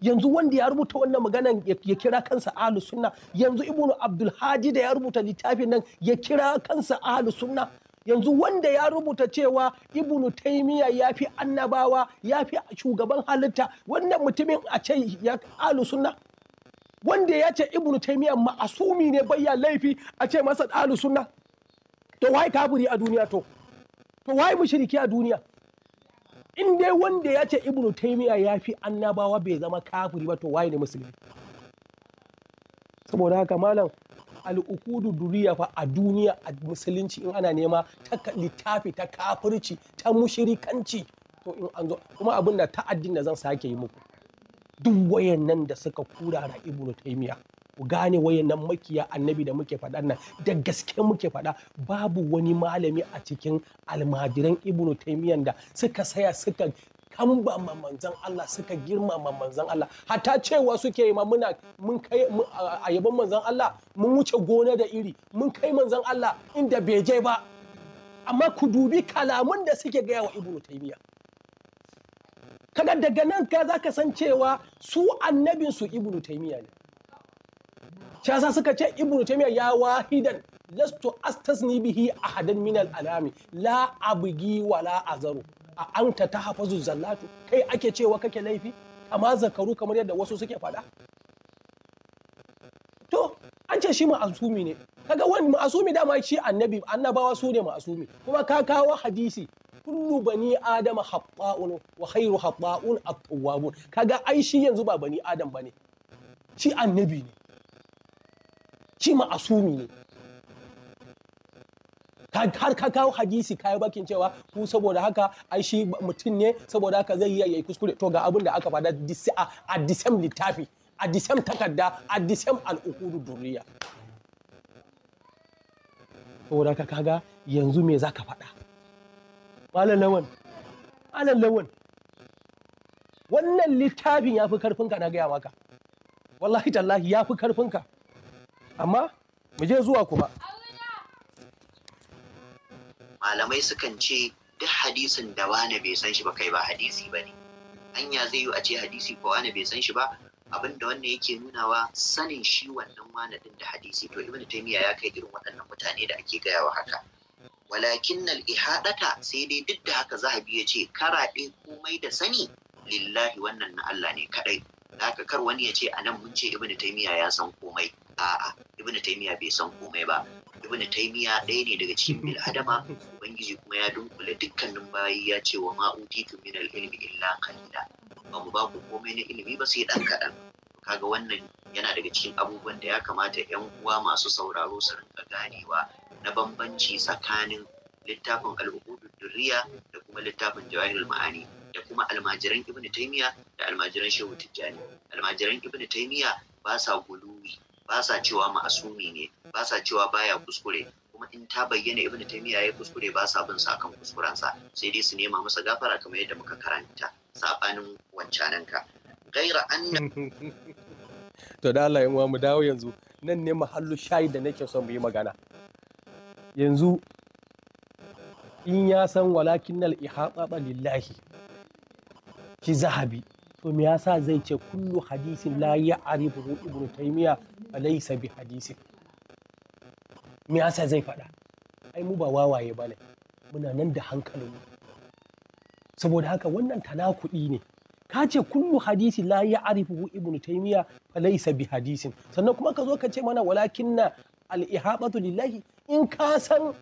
yanzu wanda ya rubuta wannan maganan ya kira kansa ahlu sunna yanzu ibnu Abdulhaji da ya rubuta littafin nan ya kira kansa ahlu sunna yanzu wanda ya rubuta cewa ibnu taimiya ya fi annabawa ya fi shugaban halitta wannan mutumin a ce ya alu sunna wanda ya ce ibnu taimiya ma'asumi ne bayya laifi a ce masa alu sunna to wai kafiri a duniya to to wai mushriki a duniya in dai wanda ya ce ibnu taimiya ya fi annabawa bai zama kafiri ba to wai ne musulmi saboda haka malam al'ukudu duriya fa a duniya a musulunci in ana nema ta littafi ta kafirci ta mushirikanci to in an zo kuma abin da ta'addin da zan sake yi muku duk wayannan da suka kurara ibnu taymiya ku gane wayannan makiya annabi da muke faɗan nan da gaske muke faɗa babu wani malami a cikin almajiran ibnu taymiyan da suka saya suka kamba manzan Allah suka girmama manzan Allah hatta cewa suke yi ma muna mun kai a yaban manzan Allah mun wuce gona da iri mun kai manzan Allah inda bai je ba amma ku dubi kalamun da suke gaya wa ibnu taymiya kaga daga nan ka zaka san cewa su annabin su ibnu taymiya ne cha sa suka ce ibnu taymiya ya wahidan lastu astasni bihi ahadan min al-alami la abgi wala azaru a anta ta hafazu zallatu kai ake cewa kake laifi amma zakaru kamar yadda wasu suke faɗa to an ce shi ma'asumi ne kaga wani ma'asumi dama shi annabi annabawa su ne ma'asumi kuma ka kawo hadisi kullu bani adama hatta'un wa khairu hatta'un at-tawwabun kaga ai shi yanzu ba bani adam bane shi annabi ne shi ma'asumi ne har ka kawo hadisi kayi bakin cewa ku saboda haka ai shi mutum ne saboda haka zai yi kuskure to ga abin da aka faɗa a disem littafi a disem takarda a disem al'ukudu duniya saboda haka kaga yanzu me za ka faɗa malam lawan malam lawan wannan littafin ya fi ka na gaya maka wallahi tallahi ya fi karfinka amma mu je zuwa kuma malamai sukan ce duk hadisin da wani bai san shi ba kai ba hadisi ba ne hanya zai yi a ce hadisi ko wani bai san shi ba abin da wannan yake nunawa sanin shi wannan wani din da hadisi to Ibn taymiya ya kai irin waɗannan mutane da ake gaya wa haka walakin al ihaɗata sai dai duk da haka zahabi ya ce karaɗe komai da sani lillahi wannan na Allah ne kadai haka kar wani ya ce a nan mun ce Ibn taymiya ya san komai a'a Ibn taymiya bai san komai ba Ibn taymiya ɗaya ne daga cikin bil'adama. ubangiji kuma ya dunkule dukkanin bayi ya ce wa tu min al-ilmi illa qalila ba mu ba ku komai na ilimi ba sai dan kaɗan kaga wannan yana daga cikin abubuwan da ya kamata yan uwa masu sauraro su rinka ganewa na bambanci tsakanin littafin al'ubudu durriya da kuma littafin jawahirul ma'ani da kuma almajiran ibn taymiya da almajiran shehu tijjani almajiran ibn taymiya ba sa guluwi ba sa cewa ma'asumi ne ba sa cewa baya kuskure kuma in ta bayyana ibnu taymiya ya kuskure ba sa bin sa kan kuskurensa sai dai su nema masa gafara kamar yadda muka karanta sabanin wancanan ka gaira annan to da Allah ya mu dawo yanzu nan ne mahallu shayi da nake son mu yi magana yanzu in ya san walakin nal ihatata lillahi ki zahabi to me yasa zai ce kullu hadisin la ya'rifu ibnu taymiya alaysa bi hadisin me yasa zai faɗa ai mu ba wawaye bane muna nan da hankalin mu saboda haka wannan kuɗi ne ka ce kullu hadisi la ya arifu ibn taymiya fa laysa bi hadisin sannan kuma ka zo ka ce mana walakinna al ihabatu lillahi in ka san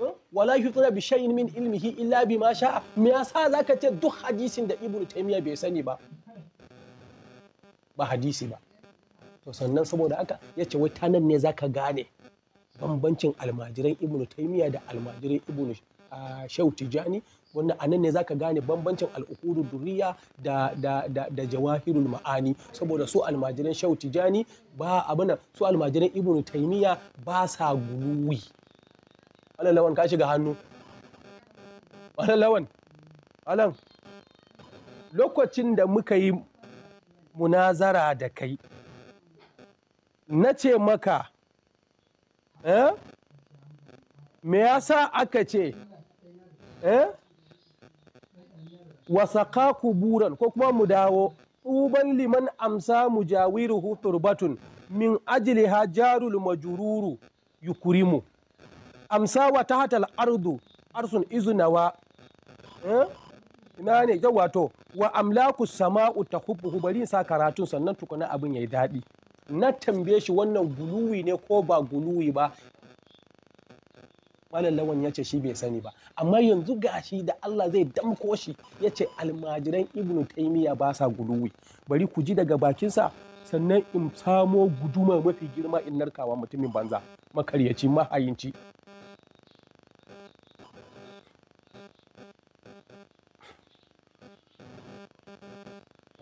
eh, wala yutura bi shay'in min ilmihi illa ma sha'a me yasa zaka ce duk hadisin da ibn taymiya bai sani ba ba hadisi ba to sannan saboda haka yace wai tanan ne zaka gane bambancin almajiran ibnu taimiya da almajiran ibnu shau tijani wanda a nan ne zaka gane bambancin al'ukudu duriya da, da, da, da jawahirul ma'ani saboda su almajiran shau tijani ba abin su almajiran ibnu taimiya ba sa guluwi alan lawan ka shiga hannu alan lawan alan lokacin da muka yi munazara da kai na ce maka me eh? me yasa aka ce eh ku kuburan ko kuma mu dawo tuban liman amsa mu mujawiruhu batun min ha jarul majururu yukurimu amsa wa ta al-ardu arsun izunawa eh? ina ne wato wa amlaku sama'u ta hubu bari sa karatun sannan tukuna abin ya yi daɗi na tambaye shi wannan guluwi ne ko ba guluwi ba malam lawan ya ce shi bai sani ba amma yanzu gashi da Allah zai damko shi ya ce almajiran ibnu taimiyya ba sa guluwi bari ku ji daga bakinsa sannan in samo guduma mafi girma in narkawa mutumin banza makaryaci mahayinci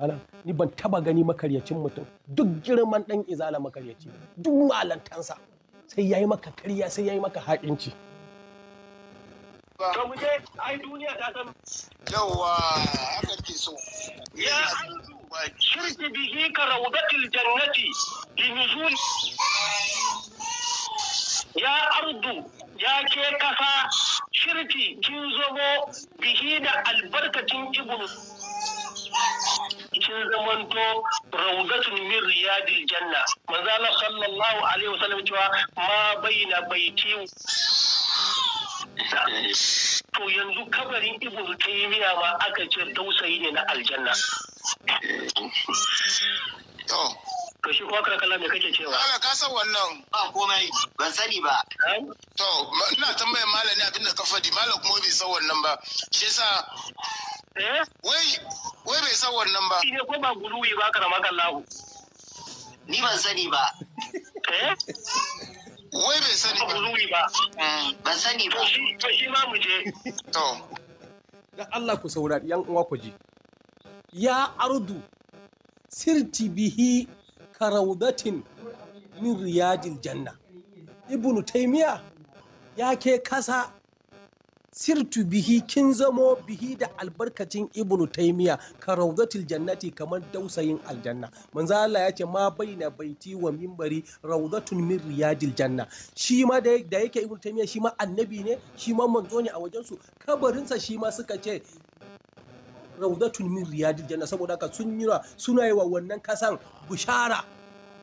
anan ni ban taba gani makaryacin mutum duk girman dan izala makaryaci duk malantansa sai yayi maka karya sai yayi maka haɗinci haka ke so ya shirki bihi ka raudatil jannati bi nuzul ya ardu ya ke kasa shirki kin zobo bihi da albarkacin ibnu kin zamanto raudatun min riyadil janna manzo Allah sallallahu alaihi wasallam cewa ma baina baiti to yanzu kabarin ibnu taymiya ma aka ce tausayi ne na aljanna To shi kuma kar me kake cewa? Kaga ka san wannan. Ba komai ban sani ba. To ina tambayar malami abinda ka faɗi malam kuma bai san wannan ba. Shi yasa Eh? Wai, wai bai san wannan ba. Ine ba sani ba. Eh? Wai bai sani ba. Guluwi ba. Eh, ban Da Allah ku saurari yan uwa ku ji. Ya ardu sirti bihi karaudatin min riyadil janna. Ibnu Taymiya ya ke kasa sirtu bihi kin zamo bihi da albarkacin ibnu taimiya ka raudatul jannati kamar dausayin aljanna manzo Allah ya ce ma baina baiti wa mimbari raudatun min riyadil janna shi ma da yake ibnu taimiya shi ma annabi ne shi ma manzo ne a wajen su kabarinsa shi ma suka ce raudatun min riyadil janna saboda ka sun yi suna yi wa wannan kasan bushara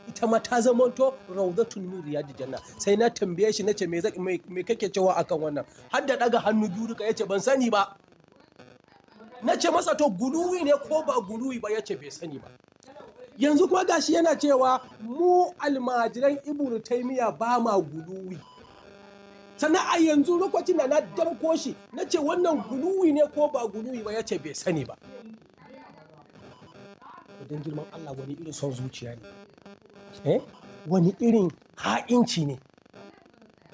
ita ma ta zamanto rawdatun ya ji janna sai na tambaye shi nace me me kake cewa akan wannan har da daga hannu biyu duka yace ban sani ba nace masa to guluwi ne ko ba guluwi ba yace bai sani ba yanzu kuma gashi yana cewa mu almajiran ibnu taymiya ba ma guluwi sannan a yanzu lokacin da na damko shi nace wannan guluwi ne ko ba guluwi ba ya bai sani ba don girman Allah wani irin son zuciya ne Eh? wani irin ha'inci ne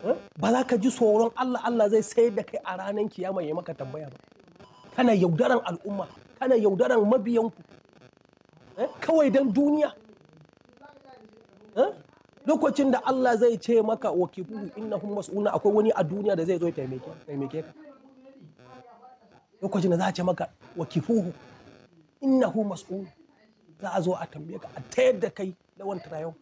eh? ba za ka ji tsoron Allah Allah zai sayar da kai a ranar kiyama ya maka tambaya ba kana yaudaran al'umma kana yaudaran mabiyanku eh? kawai don duniya lokacin da Allah zai ce maka wa kifuru innahum mas'una akwai wani a duniya da zai zo taimake ka lokacin da za a ce maka wa kifuhu innahu mas'una za a zo a tambaye ka a ta da kai lawan tarayon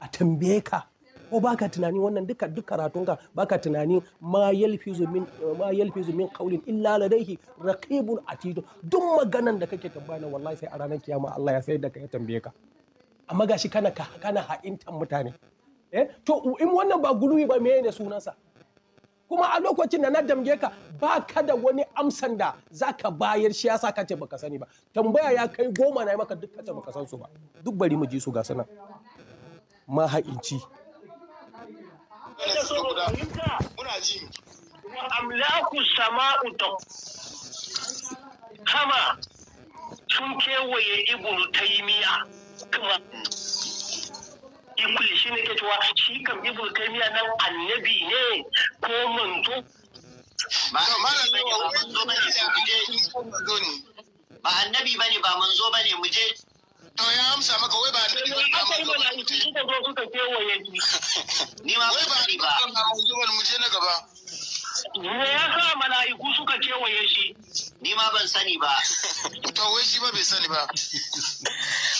a tambaye ka ko baka tunani wannan duka duk karatunka baka tunani ma yalfizu min ma yalfizu min qawlin illa ladayhi raqibun atid duk maganan da kake tambaya wallahi sai a ranar kiyama Allah ya sai da kai tambaye ka amma gashi kana kana ha'intan mutane eh to in wannan ba guluwi ba me ne sunansa kuma a lokacin da na damge ka ba ka da wani amsan da za ka bayar shi yasa ka ce baka sani ba tambaya ya kai goma na maka duk kace baka san su ba duk bari mu ji su ga sanan mahaici amlaku sama'u ta kama sun kewaye ibnu taymiya kuma ibnu shi ne ke cewa shi kan ibnu miya nan annabi ne ko manzo ba annabi ba ne ba manzo ne mu je to ya amsa maka wai ba annabi ba ne ba suka zo suka kewaye shi ni ma ba ni ba mu je na gaba me ya sa mala'iku suka kewaye shi ni ma ban sani ba to wai shi ba bai sani ba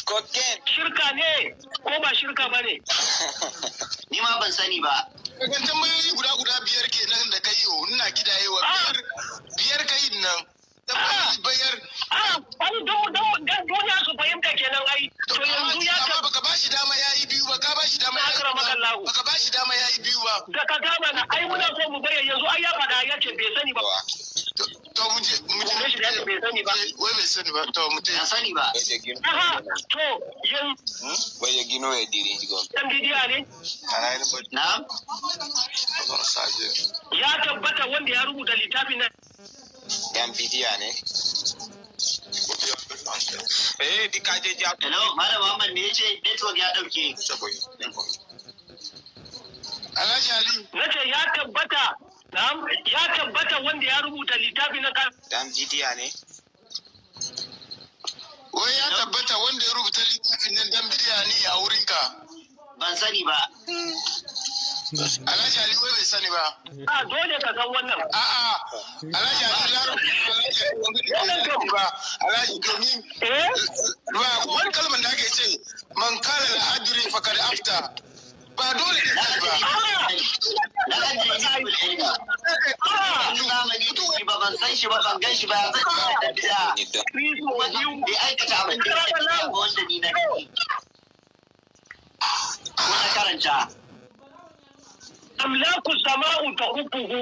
kokken shirka ne ko ba shirka ba ne? ni ma ban sani ba Kakan tambayoyi guda guda biyar kenan da kai yo ina kidayewa biyar ah. biyar kai nan. bayar. Ai don duniya su fahimta kenan ai. To yanzu ya ka. Baka bashi dama ya yi biyu ba ka ba shi dama ya yi biyu ba. Baka ba dama ya biyu ba. Da ka gama na ai muna so mu bayyana yanzu ai ya faɗa ya ce bai sani ba. To mu bai sani ba. Wai bai sani ba. To mu Ya sani ba. Aha to yan. Hmm? Wai ya gino ya dire gon. Dan ne? Ana yin ba. Na'am. saje. Ya tabbata wanda ya rubuta littafin nan. Dan ne. Eh di kaje Hello ne yace network ya dauke. Alhaji Ali. Nace ya tabbata ya tabbata wanda ya rubuta littafi na kan dan bidiya ne wai ya tabbata wanda ya rubuta littafin dan bidiya ne a wurinka ban sani ba Alhaji Ali wai bai sani ba. A ah, dole ka san wannan. A'a Alhaji Ali ya rubuta ba. Alhaji domin eh? ba wani kalmar da ake ce man kala al'adiri fakar afta. ba dole ne ba ah! ah! ba ban san shi ba ban da ah! na karanta amlaku sama'u ta hukuhu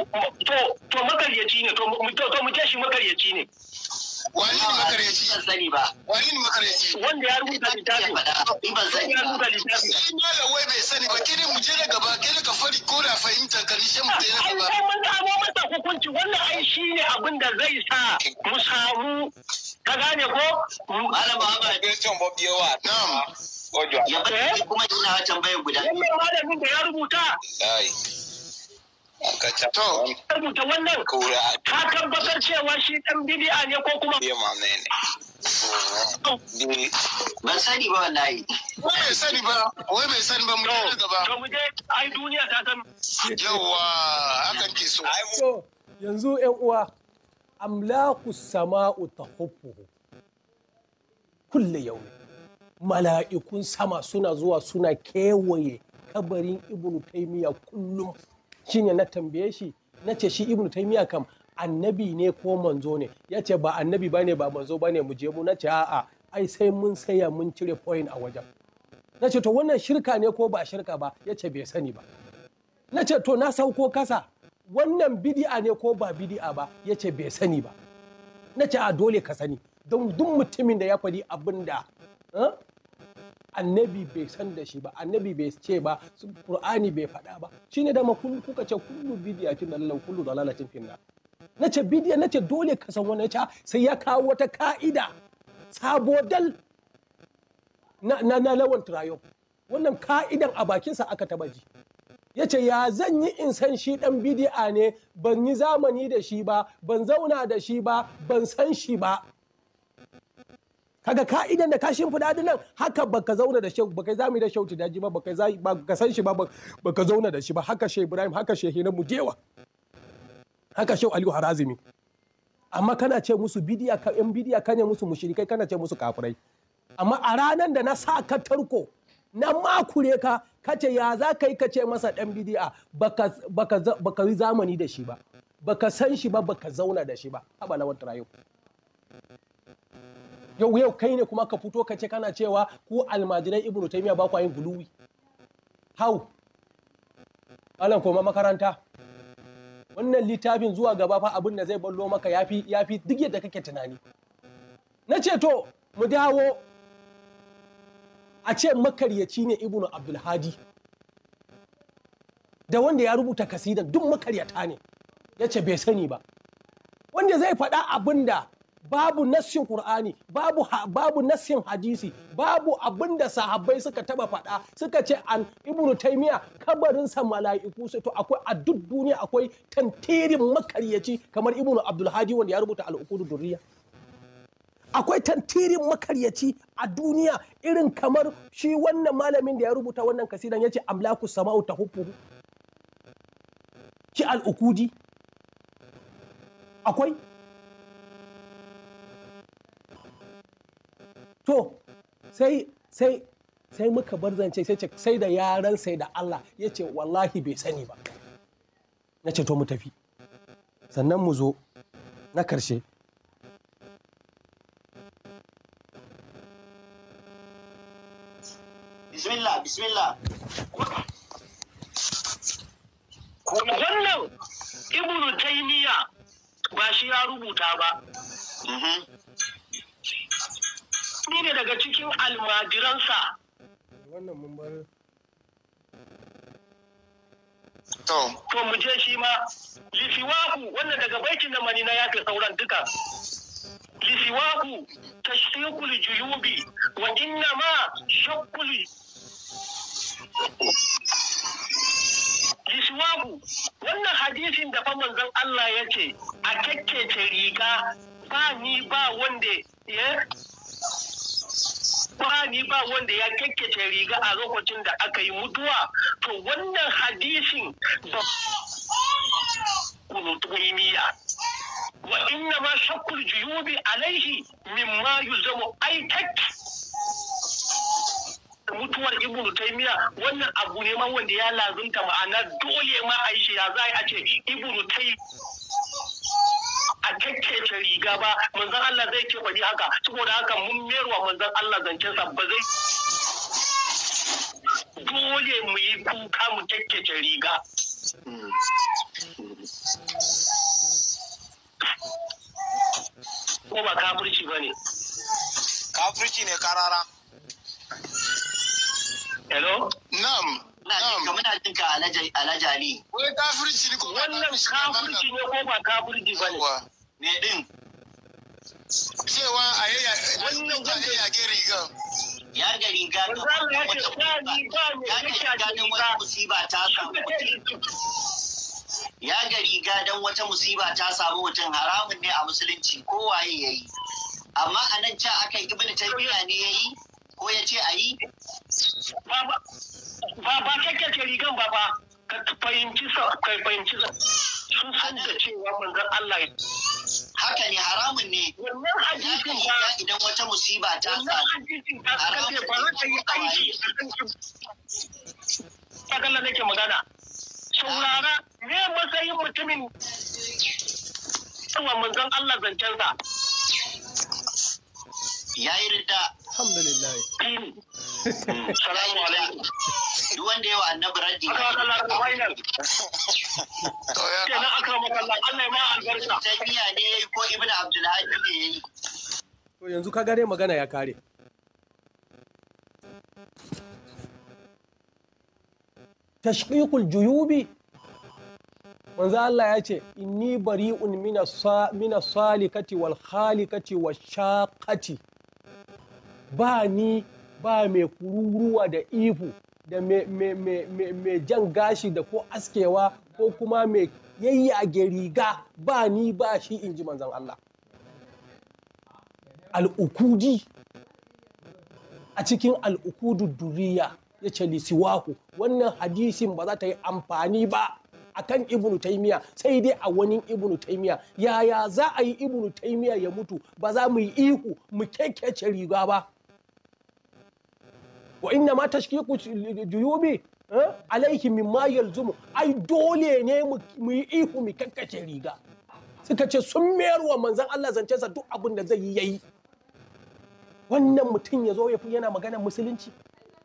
to makaryaci ne to mu ce shi makaryaci ne wani ne makareci wani ne makareci wanda ya rubuta littafin ban sani ya rubuta littafin sai wai bai sani ba kire mu je na gaba kire ka fari ko da fahimtar ka mu je na gaba ai mun ga mu masa hukunci wannan ai shine abin da zai sa mu samu ka gane ko malam Muhammad ya tun bob yawa na'am ojo ya eh? kuma ina guda wannan malamin da ya rubuta rubuta wannan ka tabbatar cewa shi dan bidi'a ne ko kuma ne. ban sani ba wallahi wai bai sani ba wai bai sani ba mu je gaba to mu ai duniya ta san Yawwa, hakan ke so yanzu ƴan uwa amlaku sama'u tahuffuhu kulle yau mala'ikun sama suna zuwa suna kewaye kabarin ibnu taymiya kullum shine na tambaye shi na ce shi ibnu taimiyya kam annabi ne ko manzo ne ya ce ba annabi ba ne ba manzo ba ne mu je mu na ce a'a ai sai mun saya mun cire point a wajen na ce to wannan shirka ne ko ba shirka ba ya ce bai sani ba na ce to na sauko kasa wannan bidi'a ne ko ba bidi'a ba ya ce bai sani ba na ce a dole ka sani don duk mutumin da ya faɗi abin da eh? annabi bai san da shi ba annabi bai ce ba qur'ani bai faɗa ba shine da kuka ce kullu bidiyatin dalal kullu dalalatin finna nace bidiya ce dole kasan san wani ca sai ya kawo wata ka'ida sabodal dal na na lawan turayo wannan ka'idan a bakinsa aka taba ji ya ce ya zan yi in san shi dan bidi'a ne ban yi zamani da shi ba ban zauna da shi ba ban san shi ba kaga ka'idan da ka shimfiɗa nan, haka baka zauna da shi baka zami da shautu daji ba baka zai baka san shi ba baka zauna da shi ba haka shi ibrahim haka shehu Hina mujewa haka shi aliyu harazimi amma kana ce musu bidiya ka yan bidiya kana musu mushrikai kana ce musu kafirai amma a ranar da na sa ka tarko na makure ka kace ya za ka yi ka ce masa dan bidiya baka baka baka yi zamani da shi ba baka san shi ba baka zauna da shi ba haba lawan rayuwa. yau yau kai ne kuma ka fito ka ce kana cewa ku almajirai ibnu taymiya ba kwayin yin guluwi Hau. malam koma makaranta wannan littafin zuwa gaba fa abin da zai ballo maka yafi yafi duk yadda kake tunani na ce to mu dawo a ce makaryaci ne ibnu abdulhadi da wanda ya rubuta kasidan duk makaryata ne ya ce bai sani ba wanda zai faɗa abin da babu nassin Kur'ani babu babu nassin hadisi babu abin da sahabbai suka taba faɗa suka ce an ibnu taymiya kabarin sa mala'iku sai to akwai a duk duniya akwai tantirin makaryaci kamar ibnu abdul hadi wanda ya rubuta al-uqud durriya akwai tantirin makaryaci a duniya irin kamar shi wannan malamin da ya rubuta wannan kasidan yace amlaku sama'u tahuffu ki al-uqudi akwai to sai sai sai muka bar zance sai sai da yaran sai da Allah ya ce wallahi bai sani ba na ce to mu tafi sannan mu zo na karshe bismillah bismillah wannan ibnu taymiya ba shi ya rubuta ba mhm. musulmi ne daga cikin almajiransa wannan mun bar to to mu je shi ma lisiwaku wannan daga baitin da manina ya ga sauran duka lisiwaku tashriqul juyubi wa inna ma shaqqul Lisiwaku wannan hadisin da fa manzon Allah ya ce a kyakkece riga ba ni ba wanda ya kur'ani ba wanda ya kyakkyace riga a lokacin da aka yi mutuwa to wannan hadisin ba kunutumiyya wa inna ma shakkul juyubi alaihi mimma yuzamu aitak mutuwar ibn taymiya wannan abu ne ma wanda ya lazunta ma'ana dole ma a yi ya za a ce ibn taymiya a kakkece riga ba manzon Allah zai ke kwani haka saboda haka mun merwa manzon Allah zancen sa ba zai dole mu yi kuka mu kakkece riga ko ba kafirci ba ne kafirci ne karara hello nam muna jin ka alajali. Wai kafirci ne ko ba kafirci ba ne. ne din cewa a yaya wannan ga yaya ke riga ya ga riga ta wata musiba wata ta samu ya ga riga don wata musiba ta samu mutum haramun ne a musulunci kowaye ya yi amma a nan ca aka yi ibnu taymiya ne yayi ko ya ce a yi ba ba rigan ba ba ka fahimci ka fahimci sun san da cewa manzon Allah haka ne haramun ne wannan hadisin ba idan wata musiba ta sa hadisin ba ka ba za ka yi aiki sakalla nake magana saurara ne matsayin mutumin wa manzon Allah zancensa ya yi rida alhamdulillah salamu alaikum duk wanda yawa annabi raddi ko abdulhadi ne magana ya kare tashqiqul juyubi manzo Allah ya ce inni bari'un mina salikati wal khalikati wa shaqati ba ni ba mai kururuwa da ihu da mai jan gashi da ko askewa ko kuma mai yayyage riga ba ni ba shi in ji manzan Allah. Al'ukudi, a cikin al'ukudu duriya ya ce lisiwahu wannan hadisin ba za ta yi amfani ba a kan ibnu taimiya sai dai a wani ibnu taimiya yaya za a yi ibnu taimiya ya mutu ba za mu yi ihu mu kekece riga ba. wa inna ma tashkiku juyubi eh, alaihi mimma yalzumu ai dole ne mu yi ihu mu kakkace riga suka ce sun mayar wa manzon Allah sa duk abin da zai yi yayi wannan mutum ya zo ya fi yana magana musulunci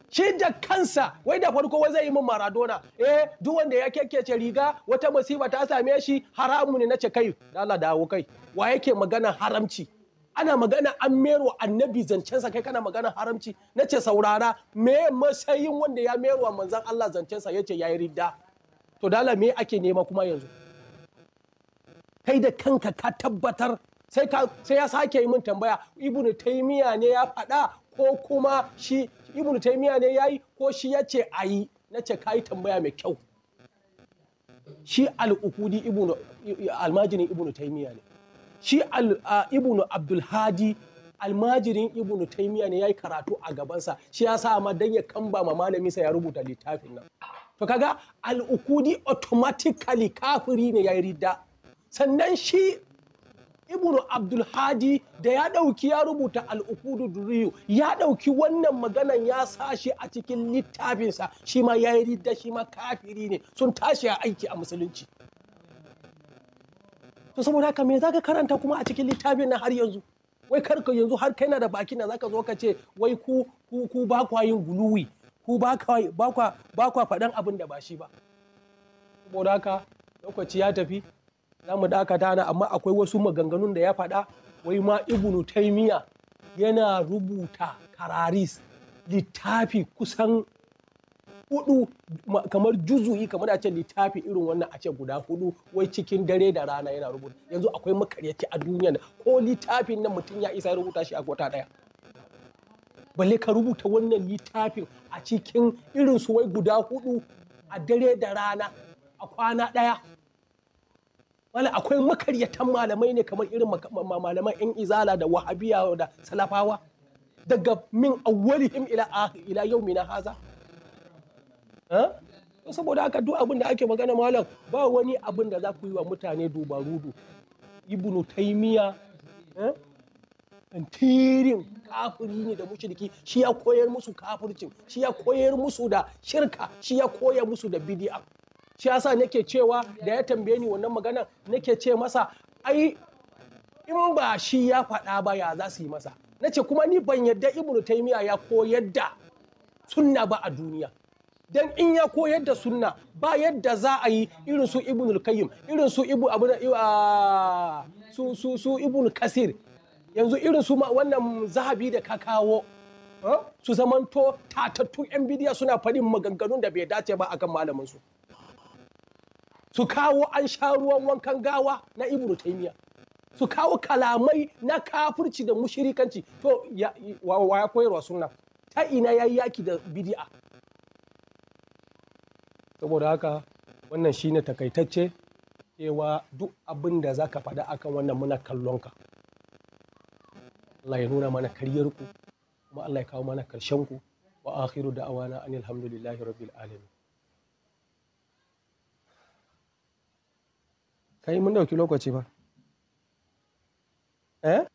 shi da kansa wai da farko wai zai yi min maradona eh duk wanda ya kekkece riga wata musiba ta same shi haramu ne nace kai da Allah dawo kai wa yake magana haramci ana magana an merwa annabi zancensa kai kana magana haramci na ce saurara me matsayin wanda ya merwa manzan Allah zancensa ya ce ya yi ridda to dala me ake nema kuma yanzu kai da kanka ka tabbatar sai ya sake yi min tambaya ibnu taymiya ne ya faɗa ko kuma shi ibnu taimiya ne ya yi ko shi ya ce a yi na ce ka yi tambaya mai kyau shi al'ukudi almajinin ibnu taimiya ne shi ibnu abdul hadi almajirin ibnu taimiya ne ya yi karatu a gabansa shi ya sa ma dan ya kamba ma malaminsa ya rubuta littafin nan to kaga al'ukudi automatically kafiri ne ya yi ridda sannan shi ibnu abdulhadi da ya ɗauki ya rubuta al'ukudu duriyu ya ɗauki wannan maganan ya sa shi a cikin littafinsa shi ma ya yi ridda shi ma kafiri ne sun tashi a aiki a musulunci to saboda haka me za ka karanta kuma a cikin littafin nan har yanzu wai kar ka yanzu har kai na da baki da zaka zo ka ce wai ku ku ku ba kwa yin guluwi ku ba kwa ba kwa ba kwa faɗan abin da ba shi ba saboda haka lokaci ya tafi za mu dakata na amma akwai wasu maganganun da ya faɗa wai ma ibnu taymiya yana rubuta kararis littafi kusan hudu kamar juzu'i kamar a ce littafi irin wannan a ce guda hudu wai cikin dare da rana yana rubuta yanzu akwai makaryaci a duniya ko littafin nan mutum ya isa rubuta shi a wata daya balle ka rubuta wannan littafin a cikin irin su wai guda hudu a dare da rana a kwana daya wala akwai makaryatan malamai ne kamar irin malaman yan izala da wahabiya da salafawa daga min awwalihim ila ila yaumina haza saboda haka duk abin da ake magana malam ba wani abin da za ku yi wa mutane dubarudu ibnu taimiya eh, tirin kafiri ne da mushriki shi ya koyar musu kafircin shi ya koyar musu da shirka shi ya koya musu da bidi'a shi yasa nake cewa da ya tambaye ni wannan magana nake ce masa ai in ba shi ya faɗa ba ya za su yi masa nace kuma ni ban yadda ibnu taimiya ya koyar da sunna ba a duniya dan in ya koyar da sunna ba yadda za a yi irin su Ibn al qayyim irin su ibu abu da su su su ibn kasir yanzu irin su wannan zahabi da ka kawo su zamanto tatattun yan bidiya suna faɗin maganganun da bai dace ba akan malamin su su kawo an sha ruwan wankan gawa na ibn taymiya su kawo kalamai na kafirci da mushirikanci to ya koyarwa sunna ta ina yayi yaki da bidi'a saboda haka wannan shine takaitacce cewa duk abin da zaka faɗa akan wannan muna kallon ka Allah ya nuna mana karyar ku kuma Allah ya kawo mana karshen ku wa akhiru awana an alhamdulillahi rabbil alamin kai mun dauki lokaci ba eh